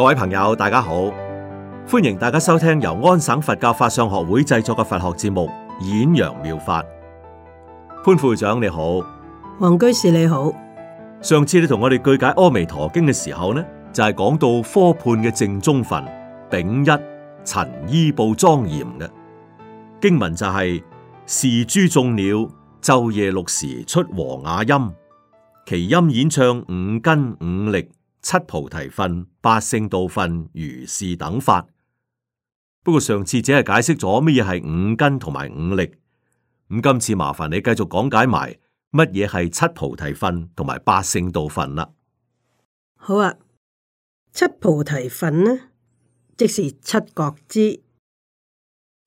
各位朋友，大家好，歡迎大家收聽由安省佛教法上學會製作嘅佛學節目《演揚妙，妙法》。潘副會長你好，王居士你好。上次你同我哋句解《阿彌陀經》嘅時候呢，就係、是、講到科判嘅正宗分，丙一陳依報莊嚴嘅經文就係是諸眾鳥晝夜六時出和雅音，其音演暢，五根五力。七菩提分、八聖道分如是等法，不過上次只係解釋咗乜嘢係五根同埋五力。咁今次麻煩你繼續講解埋乜嘢係七菩提分同埋八聖道分啦，啊。好啊，七菩提分呢，即是七覺支，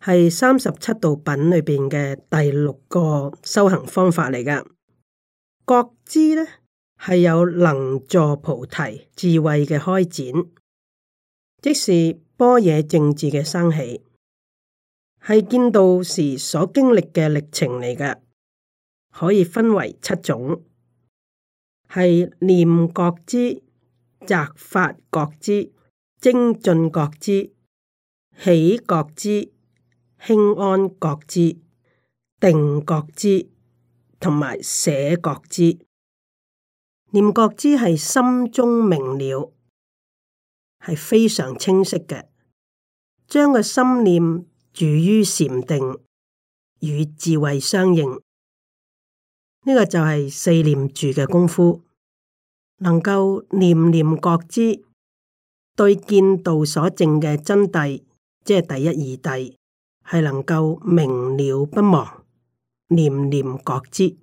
係三十七道品裏邊嘅第六個修行方法嚟㗎。覺支呢？係有能助菩提智慧嘅開展，即是般若正智嘅生起，係見到時所經歷嘅歷程嚟嘅，可以分為七種，係念覺支、擇法覺支、精進覺支、喜覺支、輕安覺支、定覺支同埋捨覺支。念覺知係心中明了，係非常清晰嘅。將個心念住於禪定與智慧相應，呢、這個就係四念住嘅功夫。能夠念念覺知，對見道所證嘅真諦，即係第一義諦，係能夠明了不忘，念念覺知。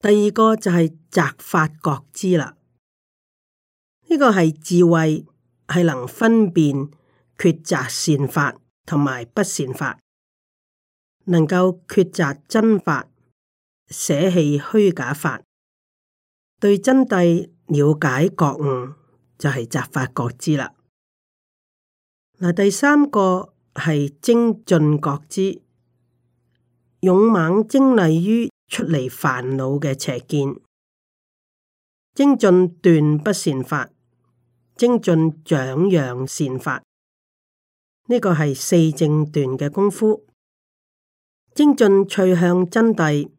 第二個就係擇法覺知啦，呢、這個係智慧，係能分辨抉擇善法同埋不善法，能夠抉擇真法，捨棄虛假法，對真諦了解覺悟，就係、是、擇法覺知啦。嗱，第三個係精進覺知，勇猛精勵於。出嚟煩惱嘅邪見，精進斷不善法，精進長養善法，呢、這個係四正斷嘅功夫。精進趣向真諦，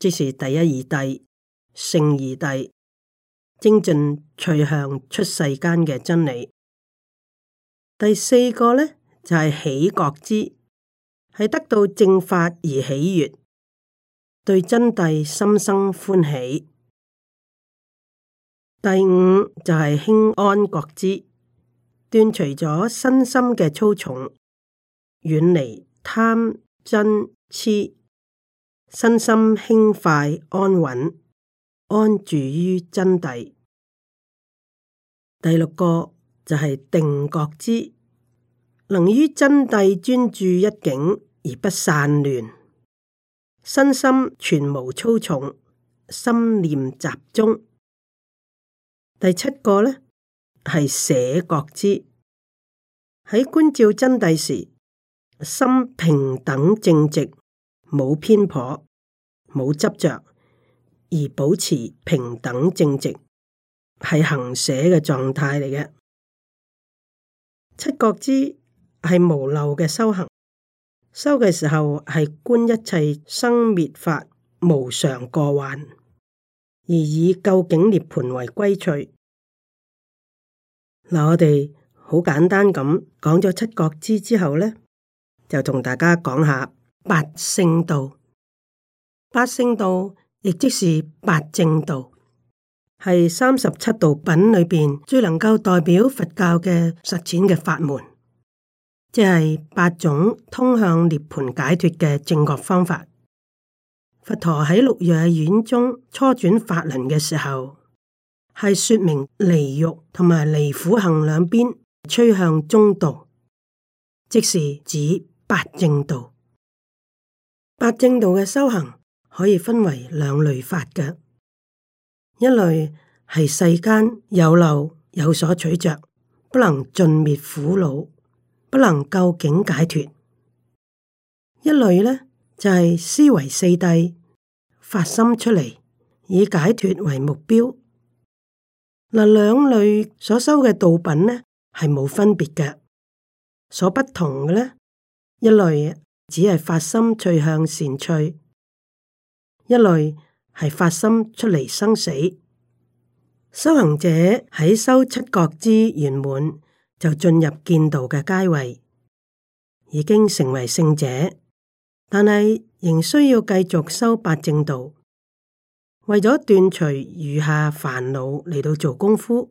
即是第一義諦；勝義諦，精進趣向出世間嘅真理。第四個呢，就係、是、喜覺支，係得到正法而喜悅。對真諦心生歡喜。第五就係輕安覺知，斷除咗身心嘅粗重，遠離貪、嗔、癡，身心輕快安穩，安住於真諦。第六個就係定覺知，能於真諦專注一境而不散亂。身心全無粗重，心念集中。第七個呢，係捨覺知，喺觀照真諦時，心平等正直，冇偏頗，冇執着，而保持平等正直，係行捨嘅狀態嚟嘅。七覺知係無漏嘅修行。修嘅時候係觀一切生滅法無常過患，而以究竟涅槃為歸趣。嗱，我哋好簡單咁講咗七覺支之、之後咧，就同大家講下八聖道。八聖道亦即是八正道，係三十七道品裏邊最能夠代表佛教嘅實踐嘅法門。即係八種通向涅槃解脱嘅正確方法。佛陀喺鹿野苑中初轉法輪嘅時候，係說明離欲同埋離苦行兩邊趨向中道，即是指八正道。八正道嘅修行可以分為兩類法嘅，一類係世間有漏，有所取着，不能盡滅苦惱。不能究竟解脱，一類呢，就係、是、思維四諦，發心出嚟，以解脱為目標。嗱，兩類所修嘅道品呢，係冇分別嘅，所不同嘅呢，一類只係發心趣向善趣，一類係發心出嚟生死。修行者喺修七覺支圓滿。就進入見道嘅階位，已經成為聖者，但係仍需要繼續修八正道，為咗斷除餘下煩惱嚟到做功夫。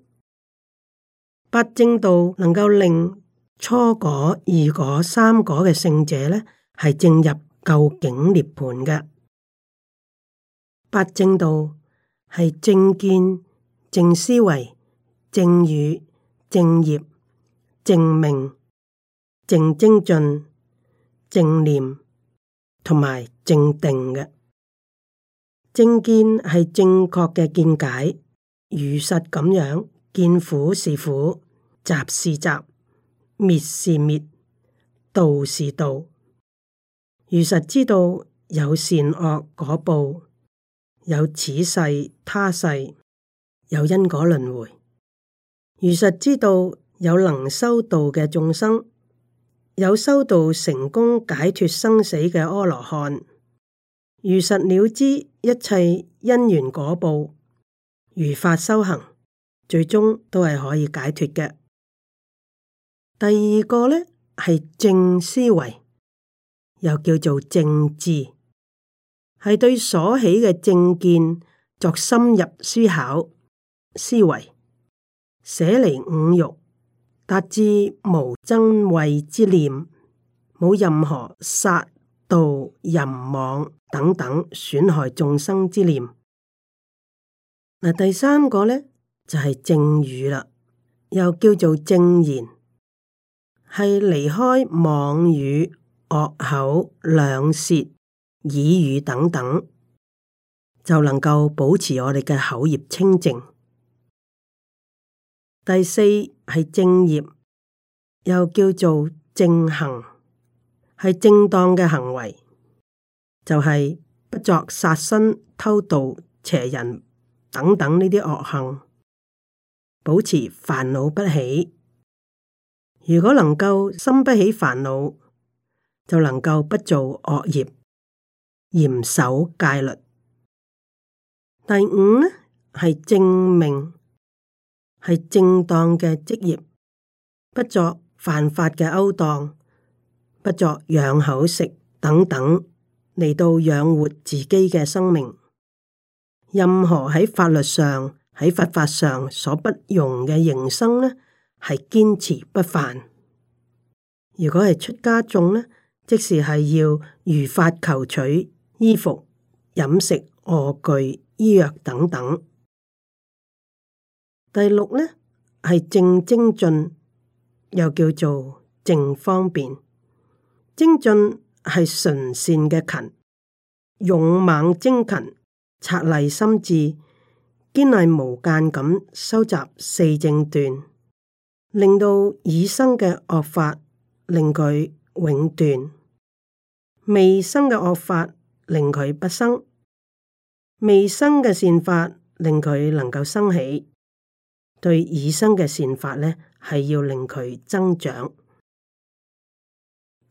八正道能夠令初果、二果、三果嘅聖者咧，係證入究竟涅槃嘅。八正道係正見、正思維、正語、正,正業。正命、正精進、正念同埋正定嘅。正見係正確嘅見解，如實咁樣見苦是苦，集是集，滅是滅，道是道。如實知道有善惡果報，有此世他世，有因果輪迴。如實知道，有能修道嘅眾生，有修道成功解脫生死嘅阿羅漢，如實了知一切因緣果報，如法修行，最終都係可以解脫嘅。第二個呢係正思維，又叫做正智，係對所起嘅正見作深入思考、思維，捨離五欲。達至無憎恚之念，冇任何殺盜淫妄等等損害眾生之念。嗱，第三個呢，就係、是、正語啦，又叫做正言，係離開妄語、惡口、兩舌、綺語等等，就能夠保持我哋嘅口業清淨。第四。係正業，又叫做正行，係正當嘅行為，就係、是、不作殺生、偷盜、邪人等等呢啲惡行，保持煩惱不起。如果能夠心不起煩惱，就能夠不做惡業，嚴守戒律。第五呢係正命。係正當嘅職業，不作犯法嘅勾當，不作養口食等等嚟到養活自己嘅生命。任何喺法律上喺佛法上所不容嘅營生呢係堅持不犯。如果係出家眾呢，即是係要如法求取衣服、飲食、臥具、醫藥等等。第六呢，係正精進，又叫做正方便。精進係純善嘅勤，勇猛精勤，策勵心智，堅毅無間咁收集四正段，令到已生嘅惡法令佢永斷，未生嘅惡法令佢不生，未生嘅善法令佢能夠生起。對已生嘅善法呢，係要令佢增長。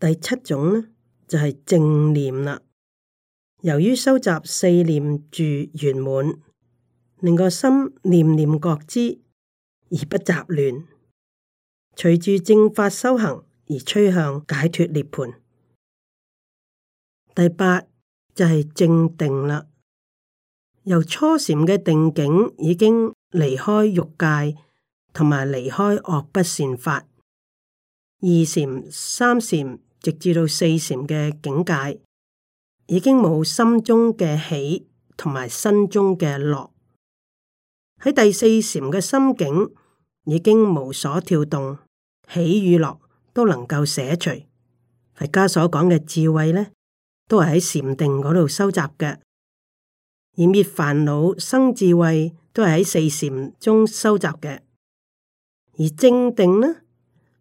第七種呢，就係、是、正念啦，由於收集四念住圓滿，令個心念念覺知而不雜亂，隨住正法修行而趨向解脫涅槃。第八就係、是、正定啦，由初禪嘅定境已經。離開欲界，同埋離開惡不善法二禪、三禪，直至到四禪嘅境界，已經冇心中嘅喜同埋心中嘅樂。喺第四禪嘅心境已經無所跳動，喜與樂都能夠捨除。佛家所講嘅智慧咧，都係喺禪定嗰度收集嘅，而滅煩惱生智慧。都係喺四禪中收集嘅，而正定呢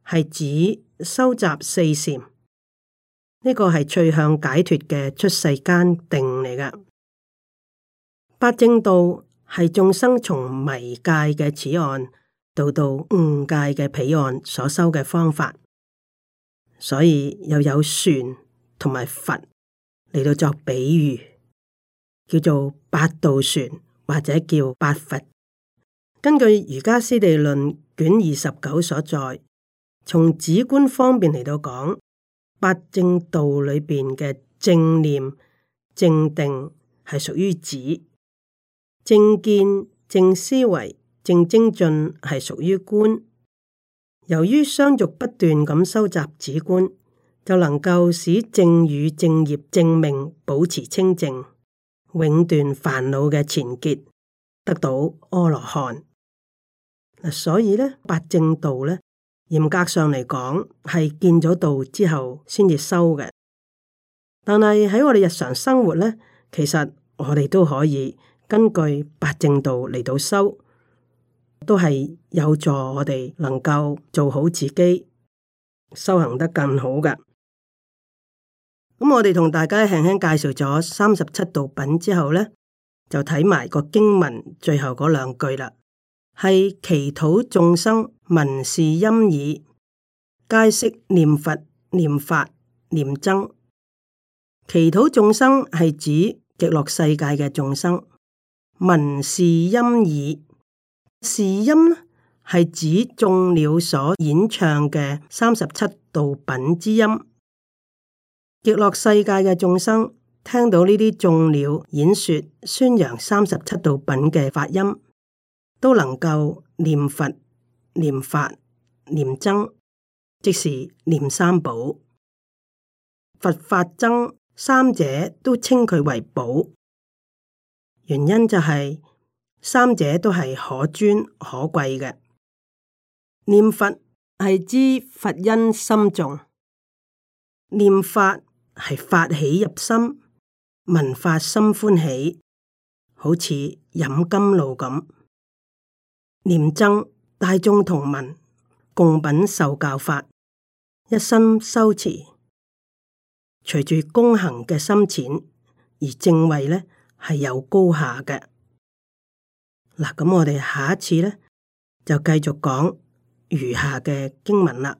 係指收集四禪，呢、這個係趣向解脱嘅出世間定嚟㗎。八正道係眾生從迷界嘅此岸到到悟界嘅彼岸所修嘅方法，所以又有船同埋佛嚟到作比喻，叫做八道船。或者叫八佛，根據《瑜伽師地論》卷二十九所在，從止觀方面嚟到講，八正道裏面嘅正念、正定係屬於止，正見、正思維、正精進係屬於觀。由於雙欲不斷咁收集止觀，就能夠使正語、正業、正命保持清淨。永斷煩惱嘅前結，得到阿羅漢。所以呢，八正道呢，嚴格上嚟講係見咗道之後先至修嘅。但係喺我哋日常生活呢，其實我哋都可以根據八正道嚟到修，都係有助我哋能夠做好自己，修行得更好嘅。咁我哋同大家輕輕介紹咗三十七道品之後呢，就睇埋個經文最後嗰兩句啦。係其土眾生聞是音已，皆悉念佛念法念僧。其土眾生係指極樂世界嘅眾生，聞是音已，是音呢，是指眾鳥所演唱嘅三十七道品之音。極樂世界嘅眾生聽到呢啲眾鳥演說宣揚三十七道品嘅法音，都能夠念佛、念法、念僧，即是念三寶。佛法僧三者都稱佢為寶，原因就係、是、三者都係可尊可貴嘅。念佛係知佛恩深重。念法。係發起入心，聞法心歡喜，好似飲甘露咁。念憎大眾同聞，共品受教法，一心修持。隨住功行嘅深淺而正位呢係有高下嘅。嗱，咁我哋下一次呢，就繼續講餘下嘅經文啦。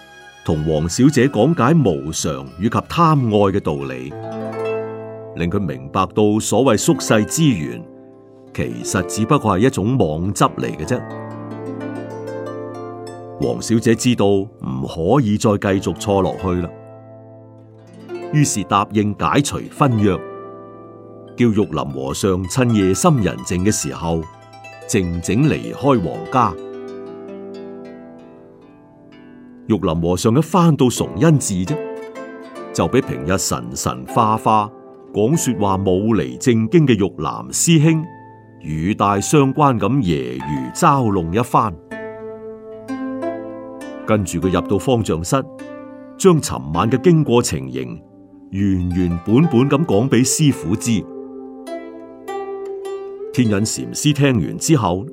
同黃小姐講解無常，以及貪愛嘅道理，令佢明白到所謂宿世之緣，其實只不過係一種妄執嚟嘅啫。黃小姐知道唔可以再繼續錯落去啦，於是答應解除婚約，叫玉林和尚趁夜深人靜嘅時候，靜靜離開黃家。玉林和尚一返到崇恩寺啫，就俾平日神神化化講說話冇厘正經嘅玉南師兄語帶雙關咁揶揄嘲弄一番。跟住佢入到方丈室，將尋晚嘅經過情形原原本本咁講俾師父知。天隱禪師聽完之後，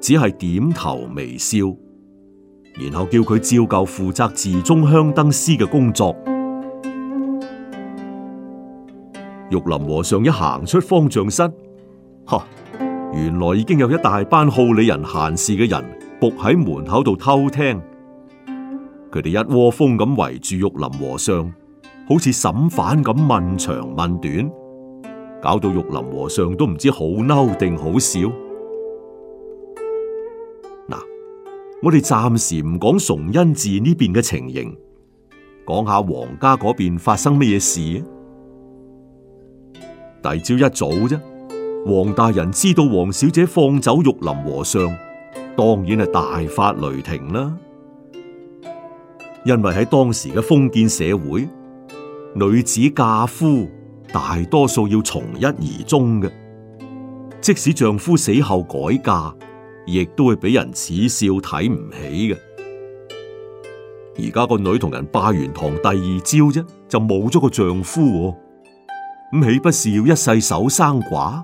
只係點頭微笑。然後叫佢照舊負責寺中香燈師嘅工作。玉林和尚一行出方丈室，吓，原來已經有一大班好理人閒事嘅人伏喺門口度偷聽。佢哋一窩蜂咁圍住玉林和尚，好似審犯咁問長問短，搞到玉林和尚都唔知好嬲定好笑。我哋暫時唔講崇恩寺呢邊嘅情形，講下王家嗰邊發生咩事。第朝一早啫，王大人知道王小姐放走玉林和尚，當然係大發雷霆啦。因為喺當時嘅封建社會，女子嫁夫大多數要從一而終嘅，即使丈夫死後改嫁。亦都係俾人恥笑睇唔起嘅。而家個女同人拜完堂，第二朝啫就冇咗個丈夫，啊，咁豈不是要一世守生寡？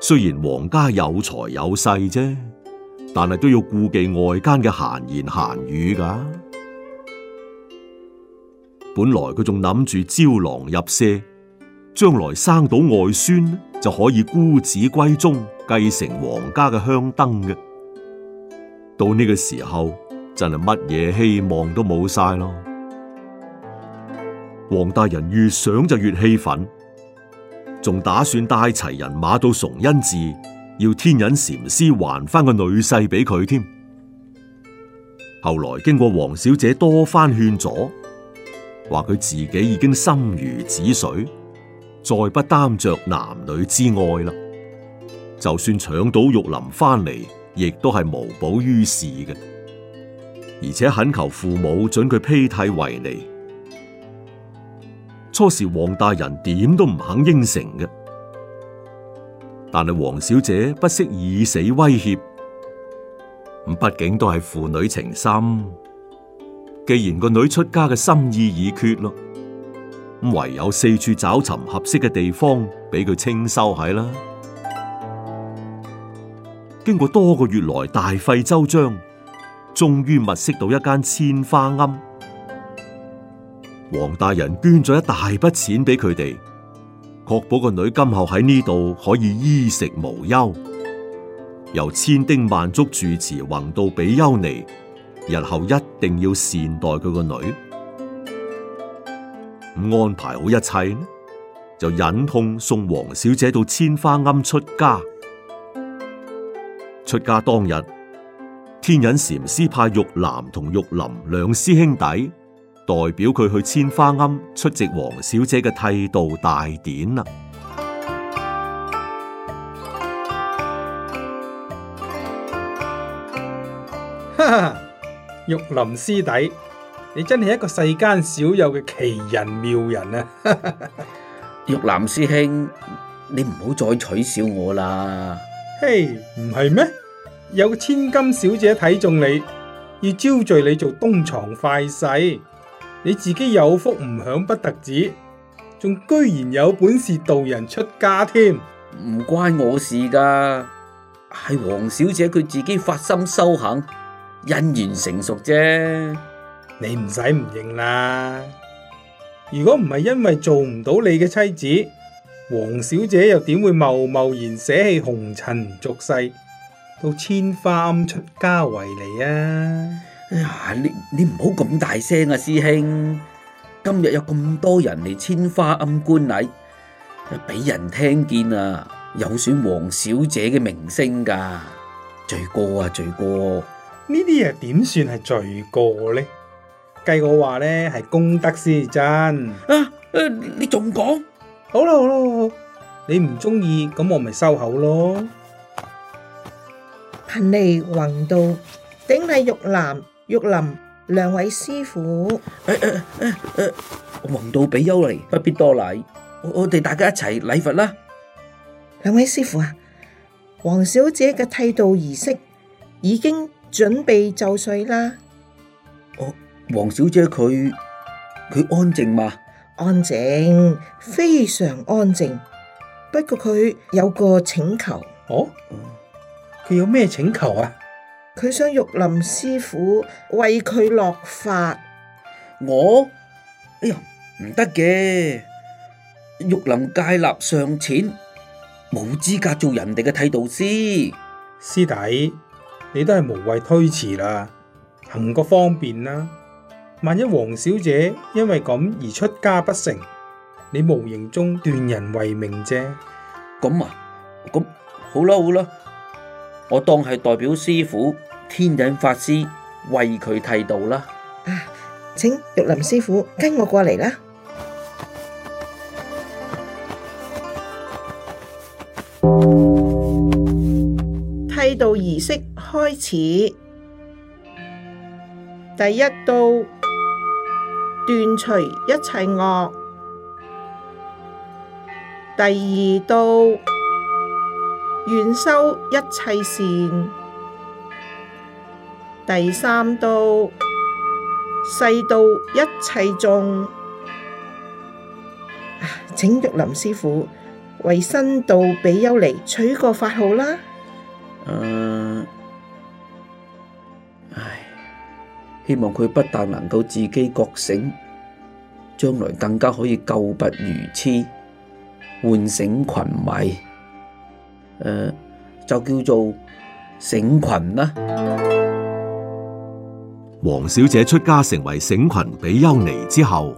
雖然皇家有財有勢啫，但係都要顧忌外間嘅閒言閒語噶、啊。本來佢仲諗住招郎入舍，將來生到外孫。就可以孤子歸宗，繼承皇家嘅香燈嘅。到呢個時候，真係乜嘢希望都冇晒咯。黃大人越想就越氣憤，仲打算帶齊人馬到崇恩寺，要天隱禪師還翻個女婿俾佢添。後來經過黃小姐多番勸阻，話佢自己已經心如止水。再不擔着男女之愛啦，就算搶到玉林翻嚟，亦都係無補於事嘅。而且懇求父母准佢披剃為尼。初時黃大人點都唔肯應承嘅，但係黃小姐不惜以死威脅，咁畢竟都係父女情深。既然個女出家嘅心意已決啦。唯有四處找尋合適嘅地方，俾佢清修喺啦。經過多個月來大費周章，終於物色到一間千花庵。王大人捐咗一大筆錢俾佢哋，確保個女今後喺呢度可以衣食無憂。由千叮萬囑住持宏道比丘尼，日後一定要善待佢個女。安排好一切，就忍痛送黃小姐到千花庵出家。出家當日，天隱禪師派玉南同玉林兩師兄弟代表佢去千花庵出席黃小姐嘅剃度大典啦 玉林師弟。你真係一個世間少有嘅奇人妙人啊！ 玉林師兄，你唔好再取笑我啦。嘿，唔係咩？有個千金小姐睇中你，要招贅你做東床快婿，你自己有福唔享不特止，仲居然有本事度人出家添。唔關我事噶，係黃小姐佢自己發心修行，因緣成熟啫。你唔使唔認啦！如果唔係因為做唔到你嘅妻子，黃小姐又點會貿貿然捨棄紅塵俗世，到千華庵出家為尼啊？哎呀，你你唔好咁大聲啊，師兄！今日有咁多人嚟千華庵觀禮，俾人聽見啊，有損黃小姐嘅名聲噶，罪過啊，罪過！呢啲嘢點算係罪過呢？計我話咧，係功德先至真啊！你仲講？好啦好啦，你唔中意，咁我咪收口咯。貧尼宏道頂禮玉蘭、玉林兩位師傅。誒誒誒誒，宏道比丘尼，不必多禮。我我哋大家一齊禮佛啦。兩位師傅啊，黃小姐嘅剃度儀式已經準備就緒啦。黃小姐佢佢安靜嘛？安靜，非常安靜。不過佢有個請求。哦，佢有咩請求啊？佢想玉林師傅為佢落髮。落法我，哎呀，唔得嘅。玉林戒臘尚淺，冇資格做人哋嘅剃度師。師弟，你都係無謂推辭啦，行個方便啦。萬一黃小姐因為咁而出家不成，你無形中斷人慧命啫。咁啊，咁好啦好啦，我當係代表師傅天隱法師為佢剃度啦。啊，請玉林師傅跟我過嚟啦。剃度儀式開始，第一刀。斷除一切惡，第二刀願修一切善，第三刀誓度，道一切眾。請玉林師父為新道比丘尼取個法號啦。Uh 希望佢不但能夠自己覺醒，將來更加可以救拔愚癡，喚醒群迷，誒，就叫做醒群啦。黃小姐出家成為醒群比丘尼之後，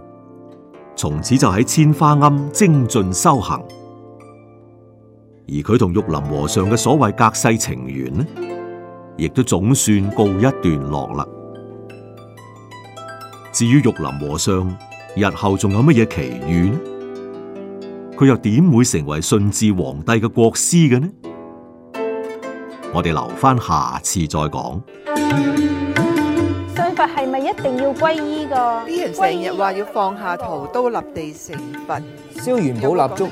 從此就喺千華庵精進修行，而佢同玉林和尚嘅所謂隔世情緣呢，亦都總算告一段落啦。至於玉林和尚日後仲有乜嘢奇遇呢？佢又點會成為順治皇帝嘅國師嘅呢？我哋留翻下，下次再講。信佛係咪一定要皈依噶？啲人成日話要放下屠刀立地成佛，燒元寶蠟燭、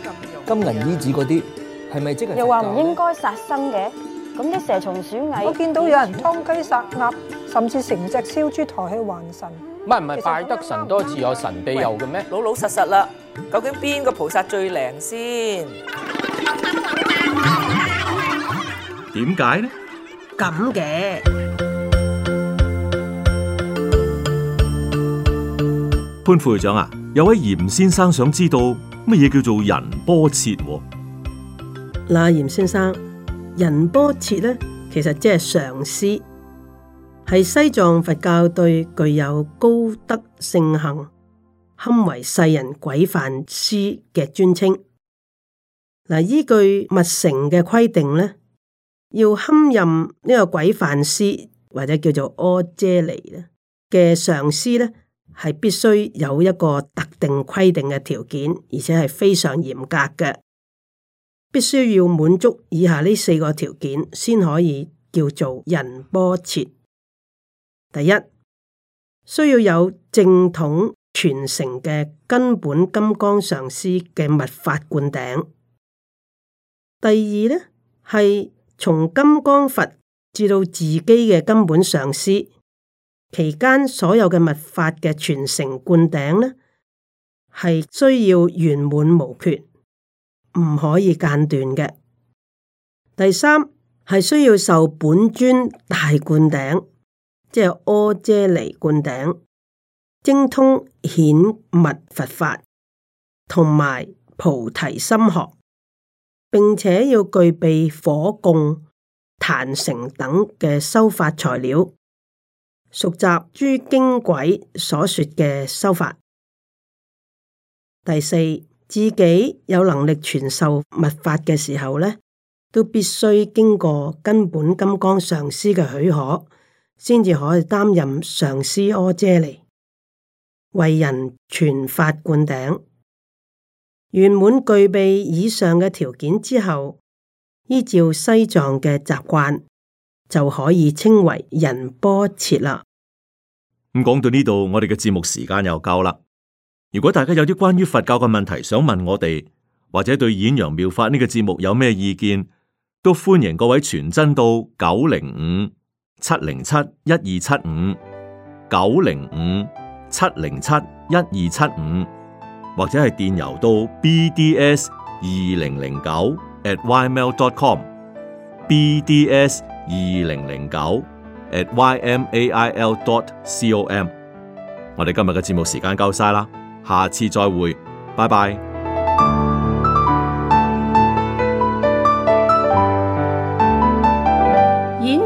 金銀衣紙嗰啲，係咪、嗯、即係？又話唔應該殺生嘅，咁啲、嗯、蛇蟲鼠蟻，我見到有人湯雞殺鴨，甚至成隻燒豬抬去還神。唔唔係，拜得神多自有神庇佑嘅咩？老老實實啦，究竟邊個菩薩最靈先？點解呢？咁，嘅潘副會長啊，有位嚴先生想知道乜嘢叫做仁波切？嗱，嚴先生，仁波切咧，其實即係上師。係西藏佛教對具有高德聖行堪為世人軌範師嘅尊稱。嗱，依據密乘嘅規定呢，要堪任呢個軌範師或者叫做阿闍黎嘅上師，呢係必須有一個特定規定嘅條件，而且係非常嚴格嘅，必須要滿足以下呢四個條件先可以叫做仁波切。第一，需要有正統傳承嘅根本金剛上師嘅密法灌頂。第二，呢係從金剛佛至到自己嘅根本上師，期間所有嘅密法嘅傳承灌頂呢係需要圓滿無缺，唔可以間斷嘅。第三，係需要受本尊大灌頂。即係阿遮尼灌頂，精通顯密佛法，同埋菩提心學，並且要具備火供、壇城等嘅修法材料，熟習諸經軌所說嘅修法。第四，自己有能力傳授密法嘅時候呢，都必須經過根本金剛上師嘅許可。先至可以擔任上師阿闍梨，為人傳法灌頂，圓滿具備以上嘅條件之後，依照西藏嘅習慣，就可以稱為仁波切啦。咁講到呢度，我哋嘅節目時間又夠啦。如果大家有啲關於佛教嘅問題想問我哋，或者對演揚妙法呢、這個節目有咩意見，都歡迎各位傳真到九零五。七零七一二七五九零五七零七一二七五，75, 75, 或者係電郵到 bds 二零零九 @ymail.com，bds 二零零九 @ymail.com。我哋今日嘅節目時間夠晒啦，下次再會，拜拜。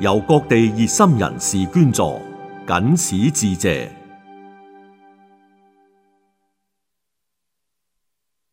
由各地熱心人士捐助，謹此致謝。